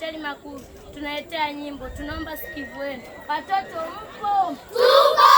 Chali Makulu tunaletea nyimbo, tunaomba sikivu wenu. Watoto mpo? Tupo.